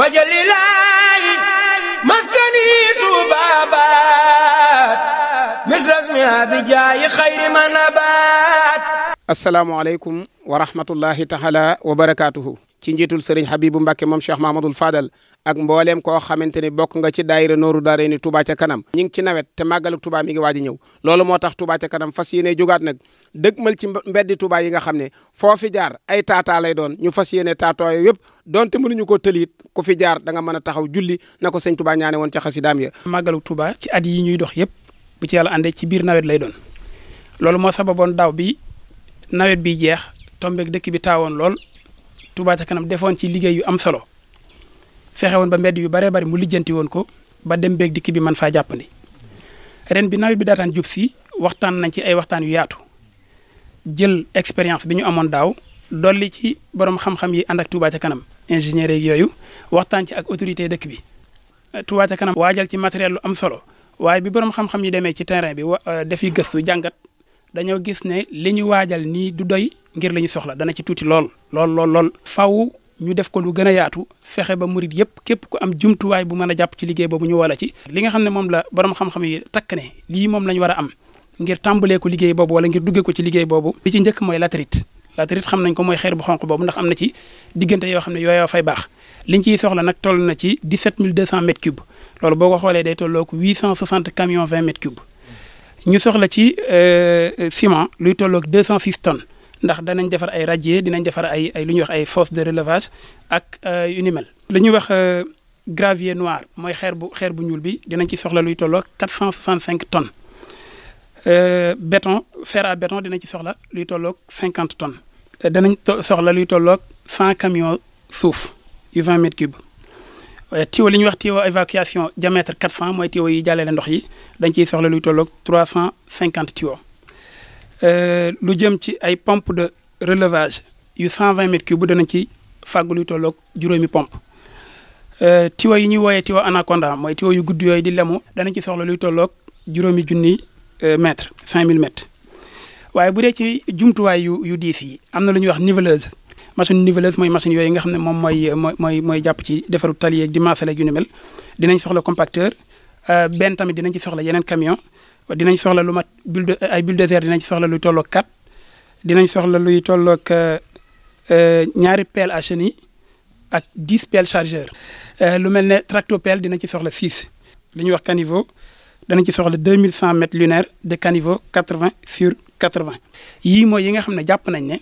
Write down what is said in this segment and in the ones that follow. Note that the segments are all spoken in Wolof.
wajalilaayi maskani tuubaabaat misrasmi abijaayi xayri manabaat assalaamu aleykum wa rahmatullahi taala wa barakaatuhu ci njiitul sëriñ Habibu Mbacke moom Cheikh Mahmadul Fadal ak mbooleem koo xamante ni bokk nga ci daayira nooru daare ni Touba ca kanam ñi ngi ci nawet te màggalu Touba mi ngi a ñëw loolu moo tax Touba ca kanam fas yéene jógaat nag dëgmal ci mbeddi Touba yi nga xam ne foo fi jaar ay taataa lay doon ñu fas yéene taatooyo yëpp donte mënuñu ko tëliit ku fi jaar da mën a taxaw julli na ko sëñ Touba ñaane woon ca xasidaam ya màggalu Touba ci at yi ñuy dox yëpp bu ci yàlla àndee ci biir nawet lay doon loolu moo sababoon daaw bi nawet bi jeex tombeeg dëkk bi taawoon lool Touba ca kanam defoon ci liggéey yu am solo fexe woon ba mbedd yu baree bari mu lijjanti woon ko ba dem beeg dikk bi mën faa jàppandi ren bi nawet bi daataan jub si waxtaan nañ ci ay waxtaan yu yaatu jël expérience bi ñu amoon daaw dolli ci borom xam-xam yi ànd ak Touba ca kanam ingénier yeeg yooyu waxtaan ci ak autorité dëkk bi. Touba ca kanam waajal ci matériel lu am solo waaye bi borom xam-xam yi demee ci terrain bi wa euh, defi gëstu jàngat dañoo gis ne li ñu waajal nii du doy ngir la ñu soxla dana ci tuuti lool lool lool lool. faw ñu def ko lu gën a yaatu fexe ba murit yëpp képp ku am jumtuwaay bu mën a jàpp ci liggéey boobu ñu wala ci. li nga xam ne moom la borom xam-xam yi takk ne lii moom la ñu a am ngir tàmbalee ko liggéey boobu wala ngir duggee ko ci liggéey boobu. li ci njëkk mooy latérite latérite xam nañ ko mooy xeer bu xonq boobu ndax am na ci diggante yoo xam ne yooyoo fay baax liñ ciy soxla nag toll na ci 17200 mètres cubes loolu boo ko xoolee day tolloo ko 860 camions 20 mètres cubes ñu soxla ci euh, ciment luy tolloog 206 tonnes ndax danañ defar ay radier dinañ defar ay ay lu ñuy wax ay fosse de relevage ak euh, yu ni mel. ñuy wax euh, gravier noir mooy xeer bu xeer bu ñuul bi dinañ ci soxla luy tolloo 465 tonnes euh, béton fer à béton dinañ ci soxla luy tolloog 50 tonnes. danañ soxla luy tolloog 100 camions suuf yu 20 mètres cubes tuyau li ñuy wax tuyau évacuation diamètre 400 mooy tuyau yi jàllale ndox yi dañ ciy soxla luy tolloog 350 tuyaux. Euh, lu jëm ci ay pompe de relevage yu 120 mètres cubes danañ ci fàggu luy tolloog juróomi pompe euh, tiwa yi ñuy wooyee tiwa anaconda mooy tiwa yu guddi yooyu di lemu danañ ci soxla luy tollook juróomi junni euh, mètres 5000 mètres waaye bu dee ci jumtuwaay yu yu diis yi am na lu ñuy wax niveleuse machine niveleuse mooy machine yooyu nga xam ne moom mooy mooy mooy jàpp ci defaru tali yeeg la maasale ak yu ni soxla compacteur benn tamit dinañ ci soxla yeneen camion dinañ soxla lu mat bulldo ay bulldozer dinañ soxla luy tolloog kat dinañ soxla luy tolloog euh, euh, ñaari pelle à chenille ak dix pelle chargeur euh, lu mel ne tractopelle dinañ ci soxla six li ñuy wax caniveau danañ ci soxla deux mille cent mètres lunaire de caniveau quatre vingt sur quatre vingt yii mooy yi nga xam ne jàpp nañ ne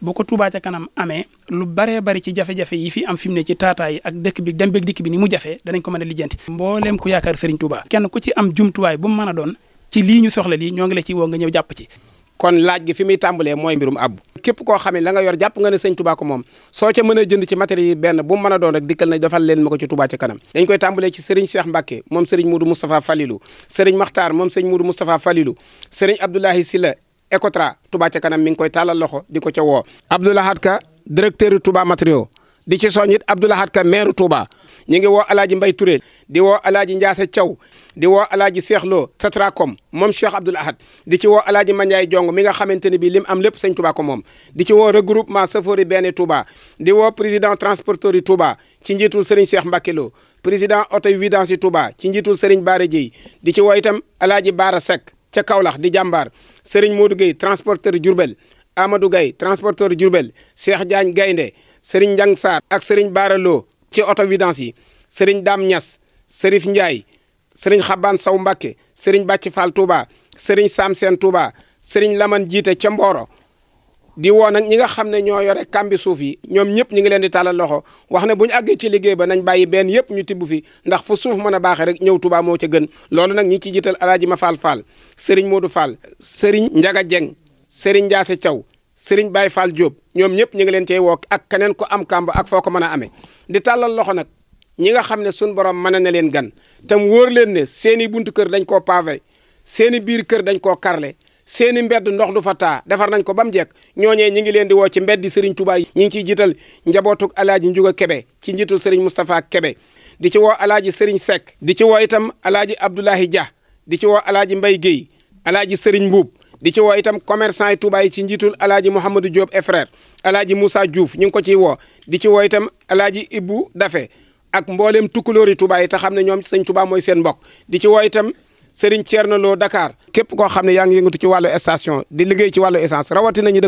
boo ko Touba ca kanam amee lu baree bari ci jafe-jafe yi fi am fi mu ne ci taataa yi ak dëkk bi dem beeg dikk bi ni mu jafe danañ ko mën a lijjanti. mbooleem ku yaakaar Serigne Touba. kenn ku ci am jumtuwaay bu mën a doon. ci lii ñu soxla lii ñoo ngi la ci woo nga ñëw jàpp ci kon laaj gi fi muy tàmbalee mooy mbirum ab képp koo xam ne la nga yor jàpp nga ne sëñ Touba moom soo ca mën a jënd ci matériel benn bu mu mën a doon rek dikkal na defal leen ma ko ci Touba ca kanam dañ koy tàmbalee ci Serigne Cheikh Mbacke moom Serigne Moudou Moustapha Falilou Serigne Makhtar moom Serigne Moudou Moustapha Falilou Serigne Abdoulahi Silla Ecotra Touba ca kanam mi ngi koy tàllal loxo di ko ca woo Abdoulahad Ka directeur Touba matériaux di ci soñit Abdoulahad Ka maire Touba ñu ngi woo alaaji mbay Touré di woo alaaji Ndiasse Thiaw di woo alaaji Cheikh Lo Satracom moom Cheikh Abdoul Ahad di ci woo alaaji Mandiaye Jong mi nga xamante ne bii lim am lépp sëñ Touba ko moom di ci woo regroupement safari benn Touba di woo président transporteur yi Touba ci njiitul Serigne Cheikh Mbacke Lo président oto vidange yi Touba ci njiitul Serigne Bara Dieye di ci woo itam alaaji Bara Seck ca Kaolack di jàmbaar Serigne Modou Gueye transporteur Diourbel Amadou Gaye transporteur Diourbel Cheikh Diagne Gaynde Serigne Ndiang ak Serigne Bara ci autovidance yi sëriñ daam ñas sërif Ndiaye sëriñ Xabaan Saw mbakke sëriñ Bàcc Fall Touba sëriñ Sam Seen Touba sëriñ Laman Jiite ca Mboro di woo nag ñi nga xam ne ñoo yore kambi suuf yi ñoom ñëpp ñu ngi leen di tàllal loxo wax ne bu ñu àggee ci liggéey ba nañ bàyyi benn yëpp ñu tibb fi ndax fu suuf mën a baaxee rek ñëw Touba moo ca gën loolu nag ñi ci jiital alaaji ma Fall Fall sëriñ Modou Fall sëriñ Njaga Jeng sëriñ Njaase Thiaw Serigne Baye Fall jóob ñoom ñëpp ñu ngi leen cey woo ak keneen ko am kàmb ak foo ko mën a amee di tàllal loxo nag ñi nga xam ne suñu borom mën na leen gan tam wóor leen ne seen i buntu kër dañ koo pavé seen i biir kër dañ koo karle seen i mbedd ndox du fa taa defar nañ ko ba mu jekk ñooñee ñi ngi leen di woo ci mbedd di Touba tubaay ñi ngi ciy jiital njabootug alaaji Njuga Kebe ci njiitul Serigne Moustapha Kebe di ci woo alaaji Serigne Seck di ci woo itam alaaji Abdoulahi Dia di ci woo alaaji Mbaye Guèye alaaji Serigne Mbuub di ci woo itam commerçant yi Touba ci njiitul alaaji Mouhamadou Diop et frère alaaji Moussa Diouf ñu ngi ko ciy woo di ci woo itam alaaji Ibou Dafe ak mbooleem tukkulóori Touba yi te xam ne ñoom sëñ Touba mooy seen mbokk di ci woo itam Serigne Thierno Lo Dakar képp koo xam ne yaa ngi yëngatu ci wàllu station di liggéey ci wàllu essence rawatina ñu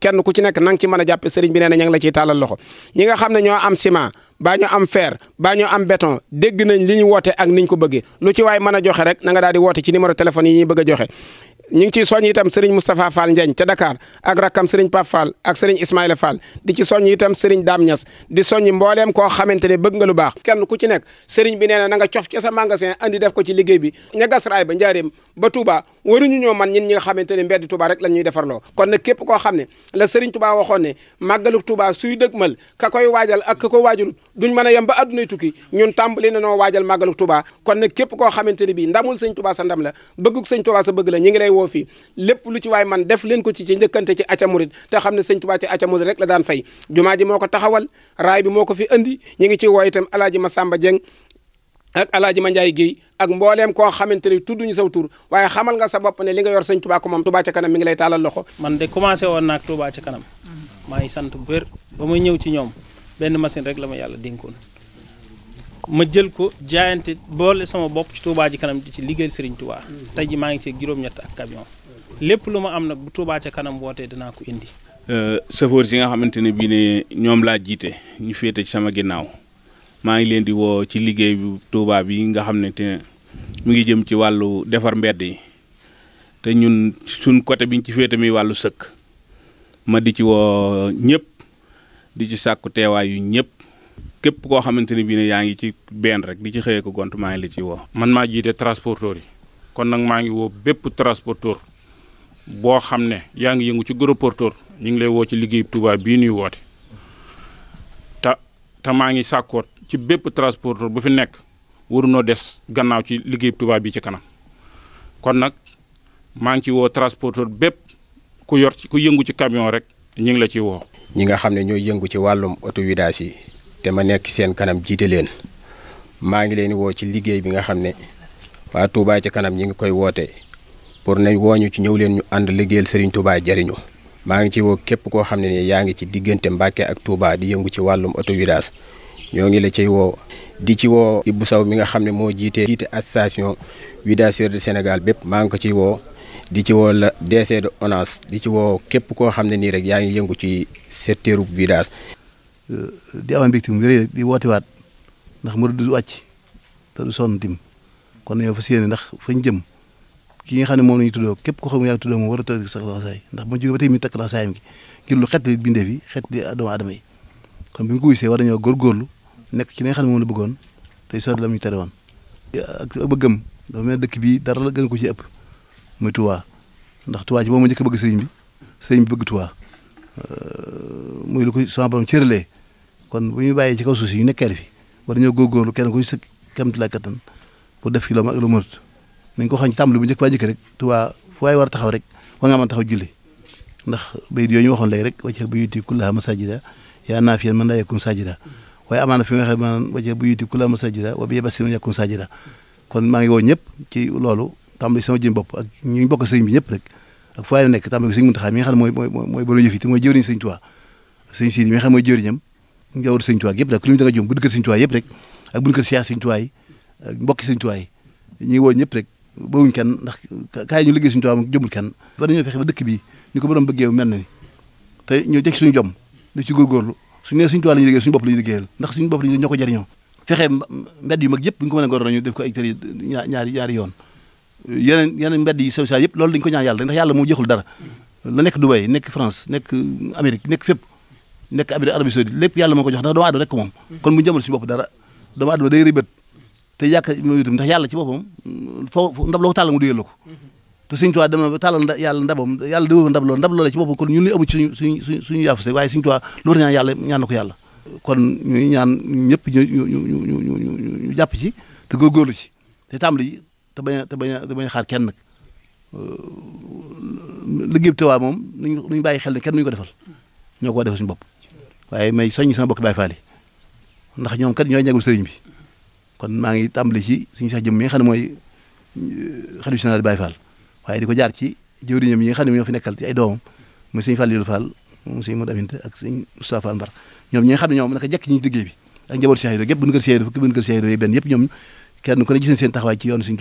kenn ku ci nekk na nga ci mën a jàppe Serigne bi nee na ña la ciy tàllal loxo ñi nga xam ne ñoo am ciment baa ñu am fer baa ñu am béton dégg nañ li ñu woote ak niñ ko bëgge lu ci waay mën a joxe rek na nga daal di woote ci numéro téléphone yi ñuy bëgg joxe ñu ngi ciy soññ itam sëriñ Moustapha Fall Ndiagne ca Dakar ak rakkam sëriñ Pape Fall ak sëriñ Ismaïla Fall di ci soñ itam sëriñ Dame ñas di soññ mbooleem koo xamante ne bëgg nga lu baax kenn ku ci nekk sëriñ bi nee na na nga cof ca sa magasin andi def ko ci liggéey bi ña gas raay ba njaareem ba Touba waruñu ñoo man ñin ñi nga xamante ne mbedd Touba rek la ñuy defar defarloo kon na képp koo xam ne la Serigne Touba waxoon ne màggalu Touba suy dëgmal ka koy waajal ak ka ko waajalut duñ mën a yem ba addunay tukki ñun tàmbali na noo waajal màggalu Touba kon nag képp koo xamante ne bii ndamul Sëñ Touba sa ndam la bëgguk Sëñ Touba sa bëgg la ñi ngi lay woo fii lépp lu ci waay man def leen ko ci ci njëkkante ci acca murid te xam ne Sëñ Touba ci acca murid rek la daan fay jumaa ji moo ko taxawal bi moo ko fi andi ñi ngi ci woo itam Alaaji Masamba Jeng ak alaaji Mandiaye Guèye ak mbooleem koo xamante ni tudduñu saw tur waaye xamal nga sa bopp ne li nga yor sëñ Touba ko moom Touba ca kanam mi ngi lay taalal loxo man de commencé woon naag mm-hmm. maa ngi sant bu wér ba may ñëw ci ñoom benn machine rek la ma yàlla dénkoon ma jël ko jaayante boole sama bopp ci Touba ji kanam di ci liggéeyal Serigne Touba mm-hmm. tey ji maa ngi ci juróom-ñett ak camion lépp lu ma am nag bu Touba ca kanam wootee dinaa ko indi euh, chauffeur yi nga xamante ne bii ne ñoom laa jiite ñu féete ci sama ginnaaw maa ngi leen di woo ci liggéey bu Touba yi nga xam ne te mu ngi jëm ci wàllu defar mbedd yi te ñun suñ côté biñ ci féete mi wàllu sëkk ma di ci woo ñëpp di ci sàkku teewaay yu ñëpp képp koo xamante ne bii ne yaa ngi ci benn rek di ci xëyee ko gont maa ngi la ci woo. man maa jiite transporteur yi kon nag maa ngi woo bépp transporteur boo xam ne yaa ngi yëngu ci gros porteur ñu ngi lay woo ci liggéey Touba bii nuy woote te te maa ngi sàkkoot ci bépp transporteur bu fi nekk warunoo des gannaaw ci liggéey Touba bi ci kanam kon nag maa ngi ci woo transporteur bépp ku yor ci ku yëngu ci kamiyon rek ñu ngi la ci woo. ñi nga xam ne ñooy yëngu ci wàllum autovidage yi te ma nekk seen kanam jiite leen maa ngi leen woo ci liggéey bi nga xam ne waa Touba ci kanam ñi ngi koy woote pour nañ woo ñu ci ñëw leen ñu ànd liggéeyal Serigne Touba jariñu maa ngi ci woo képp koo xam ne yaa ngi ci diggante Mbacke ak Touba di yëngu ci wàllum autovidage ñoo ngi la cay woo di ci woo Ibou Sow mi nga xam ne moo jiitee jiite association vidaceur du Sénégal bépp maa ngi ko ci woo di ci woo la DC de ONAS di ci woo képp koo xam ne nii rek yaa ngi yëngu ci secteur vidage euh, di amaan mbégte mu rëy di wootewaat ndax mu du wàcc te du sonn tim kon yow fa sééne ndax fañ jëm ki nga xam ne moom lañu tuddoo képp ko xam ne yaa tuddoo moom war a tëgg sax laxasaay ndax ma jóge ba tey mi takk laxasaayam gi ngir lu xet bi bindee xet di doomu aadama yi kon bi ñu ko gisee war nañoo góorgóorlu nekk ci li nga ne moom la bëggoon tey sori la mu tere woon a bëggam dafa mel dëkk bi dar la gën ko ci ëpp muy Touba ndax Touba ci boobu ma njëkk bëgg sëriñ bi sëriñ bi bëgg Touba euh, muy lu ko sama borom cëralee kon bu ñu bàyyee ci kaw suuf si ñu nekkee fi war nañoo góorgóorlu kenn ku ci sa kéemtalaay kattan pour def fi loo mën ak loo mënut ko xam ci tàmbali bu njëkk ba rek Touba fu waay war a taxaw rek war nga mën taxaw julli ndax bayit yooyu ñu waxoon léegi rek waccal bu yuti kullaha masajida yaa naafiyan man laa yakun sajida waaye amaana fi nga xam maanaam waje bu bi yebasi man yakun sajida kon maa ngi woo ñëpp ci loolu tàmbali sama jëm bopp ak ñu bokk sëñ bi ñëpp rek ak fu waay nekk tàmbali ko sëñ Muntaxa mi nga xam mooy mooy mooy borom yëf yi te mooy jëwriñ xam mooy jëwriñam njawar sëñ Tuubaa yëpp rek ku li mu da nga jum bu dëkk sëñ Tuubaa yëpp rek ñu ko siyaas sëñ Tuubaa yi ak ñu ngi ñëpp rek bawuñ kenn ndax kaay ñu liggéey sëñ Tuubaa moom jëmul kenn war nañoo fexe ba dëkk bi ñu ko borom bëggee mel na ni te ñu teg suñu jom di ci góorgóorlu su nee suñ tuwi la ñuy liggéey suñu bopp la ñuy liggéeyal ndax suñu bopp la ñuy ñoo a gor nañu def ko ay tëri ñaari ñaari yoon yeneen yeneen mbedd ndax yàlla nekk Dubai nekk France nekk Amérique lépp yàlla moo ko jox ndax doomu aadama rek moom kon bu ñu jëmal suñu bopp dara doomu aadama day rëbët te yàkk itam ndax yàlla ci boppam foo ndab loo ko tàll mu digal la ko te Sëñ Tuubaa dem na ba tàllal nda yàlla ndabam yàlla diwoo ndab loolu ndab loolee ci boppam kon ñun li amu ci suñu suñu suñu yaafuse waaye Sëñ Tuubaa loolu ñaan yàlla ñaan na ko yàlla kon ñuy ñaan ñëpp ñu ñu ñu ñu ñu jàpp ci te góorgóorlu ci te tàmbali te bañ a te bañ a te bañ a xaar kenn nag liggéey bi Tuubaa moom nuñ nuñ bàyyi xel ne kenn nuñ ko defal ñoo ko defal suñu bopp waaye may soññi sama bokk Baay Faal yi ndax ñoom kat ñooy ñagu sëriñ bi kon maa ngi tàmbali ci suñu sax jëm mi nga xam ne mooy euh, xalifa général Baay Faal waaye di ko jaar ci jëwriñam yi nga xam ne ñoo fi nekkal ci ay doomam muy sëñ Fallou Fall mu sëñ Modou Mbar ñoom ñi xam ne ñoom naka jekk ñi liggéey bi ak njaboot Cheikh Ibra gépp bu ñu kër Cheikh Ibra fukki bu ñu kër Cheikh Ibra benn yëpp ñoom kenn ku ne gis ci yoonu seen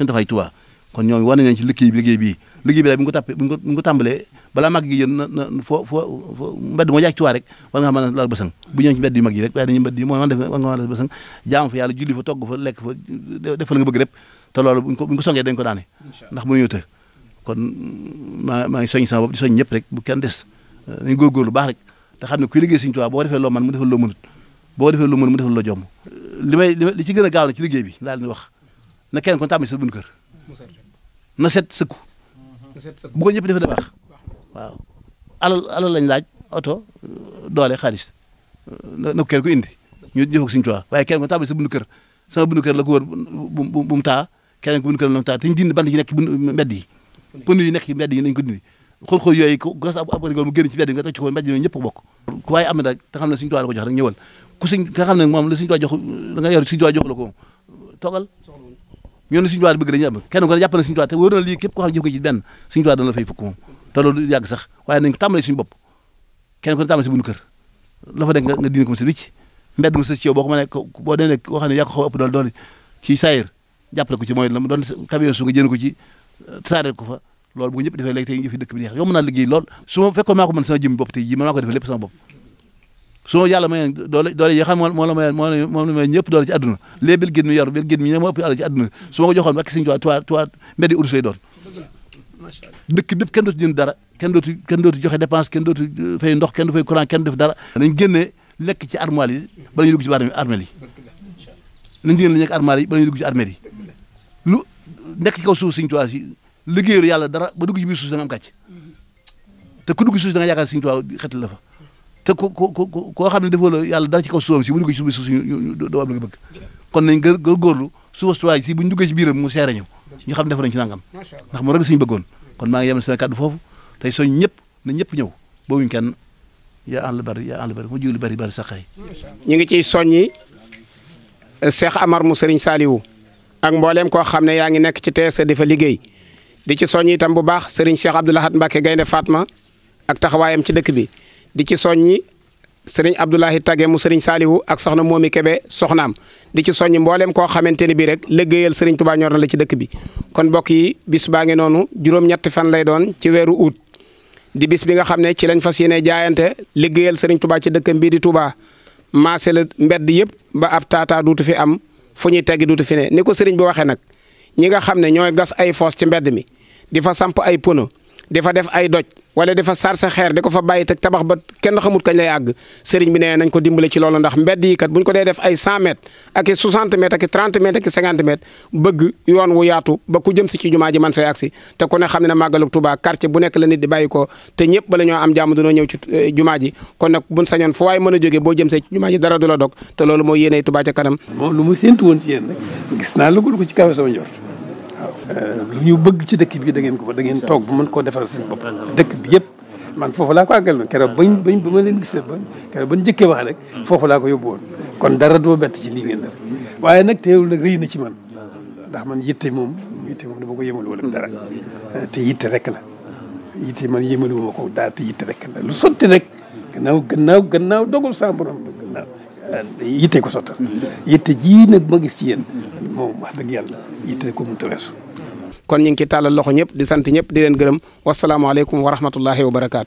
taxawaay Tuubaa ci liggéey bi liggéey bii liggéey bi daal bu ñu bu ñu ko tàmbalee balaa mag gi yéen na na foo rek war nga xam ne bu ñëw ci mbedd yu rek waaye dañuy mbedd yi jaam fa te loolu buñ ko buñ ko songee dañ ko daane. ndax mu ñëw kon maa maa ngi soññ sama bopp di ñëpp rek bu kenn des dañ góorgóorlu baax rek te xam ne kuy liggéey Sëriñ Tuubaa boo defee loo man mu defal loo mënut boo defee loo mën mu defal loo jomm li li ci gën a gaaw na ci liggéey bi laa leen wax na ken kon tàmbali sa bunt kër na set sëkku bu ko ñëpp defee da baax waaw alal alal lañ laaj oto doole xaalis na ko kenn ko indi ñu jëfoo ko Sëriñ waaye kenn kon tàmbali sa bunt kër sama bunt kër la ko wër bu mu taa keneen ku buñ ko doon taal te ñu dindi bant yi nekk mbedd yi pënu yi nekk ci mbedd yi nañ ko dindi xool-xool yooyu ko gas ab rigol mu génn ci mbedd yi nga toj ci ko mbedd yooyu ñëpp ko bokk ku waaye am na nag te xam ne suñu tuwaa la ko jox rek ñëwal ku suñ nga xam ne moom la suñu tuwaa jox da nga yor suñu tuwaa jox la ko toogal ñoon ne suñu tuwaa bëgg dañuy am kenn ko jàpp na suñu tuwaa te wóor na lii képp koo xam ne jëf nga ci benn suñu tuwaa dana la fay fukk moom te loolu yàgg sax waaye nañ ko tàmbalee suñu bopp kenn ko ne tàmbalee si buñu kër la fa nekk nga dindi ko mu si wicc mbedd mu sës ci yow boo ko mënee boo dee nekk koo xam ne yaa ko xaw ëpp dool doole ci saayir jàppale ko ci mooy la mu doon camion su nga jënd ko ci tasaare ko fa loolu bu ñëpp defee léegi tey yëfi dëkk bi neex yomb naa liggéey lool su ma fekkoon maa ko mën sama jëm bopp tey ji man maa ko defee lépp sama bopp su ma yàlla mayoon doole doole yi xam moo la mayoon moo la moom la mayoon ñëpp doole ci àdduna léegi bil gén mi yor bil gén mi ñe moo ëpp àll ci àdduna su ma ko joxoon bakki siñ tuwaa tuwaa tuwaa mbeddi urus lay doon dëkk bépp kenn dootu jënd dara kenn dootu kenn dootu joxe dépense kenn dootu euh, fay ndox kenn du fay courant kenn def dara nañ génnee lekk ci armoire yi bala ñu dugg ci armée yi nañ génne lekk armoire yi bala ñu dugg ci armée yi lu nekk ci kaw suuf Sëñ Tuubaa si liggéeyul yàlla dara ba dugg ci biir suuf da nga am gàcc te ku dugg suuf da nga yaakaar Sëñ Tuubaa xetal la fa te ku ku ku koo xam ne defoo la yàlla dara ci kaw suufam si bu dugg ci biir suuf si doo am la nga bëgg kon nañ gër góorgóorlu suuf si waay si buñ duggee ci biiram mu seere ñëw ñu xam ne def nañ ci nangam ndax mu rek suñu bëggoon kon maa ngi yemal sama kàddu foofu tey soñ ñëpp na ñëpp ñëw boobuñ kenn yaa àll bari yaa àll bari mu jiw lu bari bari sax xëy ñu ngi ciy soññi Cheikh Amar mu Serigne Saliou ak mbooleem koo xam ne yaa ngi nekk ci TSE di fa liggéey di ci soññ itam bu baax Serigne Cheikh Abdou Lahad Mbacké Gaynde Fatma ak taxawaayam ci dëkk bi di ci soññi Serigne Abdoulahi Tage mu Serigne Salihu ak soxna Momi Kebe soxnaam di ci soññi mbooleem koo xamante ni bii rek liggéeyal Serigne Touba ñor na la ci dëkk bi kon mbokk yi bis baa ngi noonu juróom-ñetti fan lay doon ci weeru août di bis bi nga xam ne ci lañ fas yéene jaayante liggéeyal Serigne Touba ci dëkkam bii di Touba maase la mbedd yëpp ba ab taataa duutu fi am fu ñuy teggi duuti fi ne ni ko sëriñ bi waxee nag ñi nga xam ne ñooy gas ay foos ci mbedd mi difa fa samp ay pono di def ay doj wala dafa sar sa xeer di ko fa bàyyi te tabax ba kenn xamut kañ lay àgg sëriñ bi nee nañ ko dimbale ci loolu ndax mbedd yi kat bu ñu ko dee def ay 100 mètres ak i 60 ak i 30 bëgg yoon wu yaatu ba ku jëm si ci jumaa ji man fay agsi te kon ne xam ne ne màggalu Tuubaa quartier bu nekk la nit di bàyyi ko te ñëpp bala ñoo am jàmm dañoo ñëw ci eh, jumaa ji kon nag buñ sañoon fu waay mën a jóge boo jëm see ci jumaa ji dara du la dog te loolu moo yéenee Tuubaa ca mu séntu woon ci ko ci kawe sama njort lu ñu bëgg ci dëkk bi da ngeen ko da ngeen toog bu mën koo defaral seen bopp dëkk bi yëpp man foofu laa ko àggal woon keroog bañ bañ ba ma leen gisee ba keroog bañ jëkkee wax rek foofu laa ko yóbbu woon kon dara du ma bett ci lii ngeen def waaye nag teewul nag rëy na ci man ndax man yitte moom yitte moom dama ko la wala dara te yitte rek la yitte man yëmalu ma ko daal te yitte rek la lu sotti rek gannaaw gannaaw gannaaw dogul sa borom yitte ko sottal yitte jii nag ma gis ci yéen moom wax dëgg yàlla yitte ko mënut a kon ñu ngi ciy tàllal loxo ñëpp di sant ñëpp di leen gërëm wasalaamaaleykum wa rahmatullahi wa barakaatu.